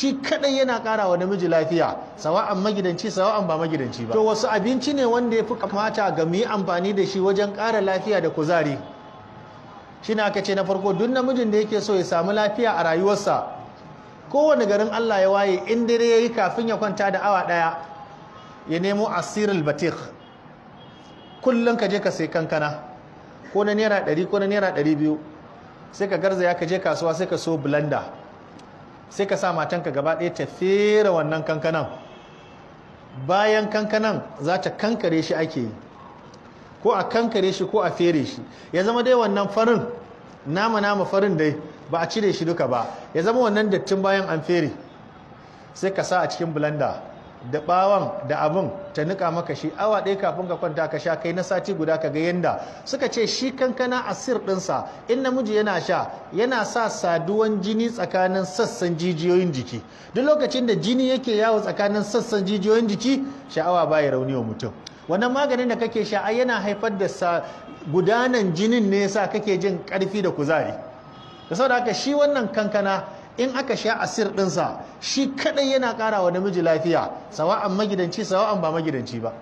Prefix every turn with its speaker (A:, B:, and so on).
A: shi kadai yana kara wa namiji lafiya sawa'an magidanci sawa'an ba magidanci ba to wasu abinci ne wanda ya fi kamata ga mu yi amfani da shi wajen kara lafiya da kuzari shi na aka ce na farko duk namijin da yake so ya samu lafiya a rayuwarsa kowane garin Allah ya waye in dare ya yi kafin ya kwanta da awa ɗaya ya nemo asirul batik kullum ka je ka sai kankana ko na naira 100 ko na naira ɗari biyu sai ka garzaya ka je kasuwa sai ka so blanda sai ka sa matanka gaba ɗaya ta fere wannan kankanan bayan kankanan za ta kankare shi ake yi ko a kankare shi ko a fere shi ya zama dai wannan farin nama nama farin dai ba a cire shi duka ba ya zama wannan dattin bayan an fere sai ka sa a cikin blender da bawan da abin ta nika maka shi awa ɗaya kafin ka kwanta ka sha kai na sati guda ka ga yanda suka ce shi kankana asir ɗinsa in namiji yana sha yana sa saduwan jini tsakanin sassan jijiyoyin jiki duk lokacin da jini yake yawo tsakanin sassan jijiyoyin jiki sha'awa ba ya rauni wa mutum wannan maganin da kake sha ai yana haifar da sa gudanan jinin ne yasa kake jin ƙarfi da kuzari da saboda haka shi wannan kankana in aka sha asir ɗinsa shi kaɗai yana ƙara wa namiji lafiya sawa'an magidanci sawa'an ba magidanci ba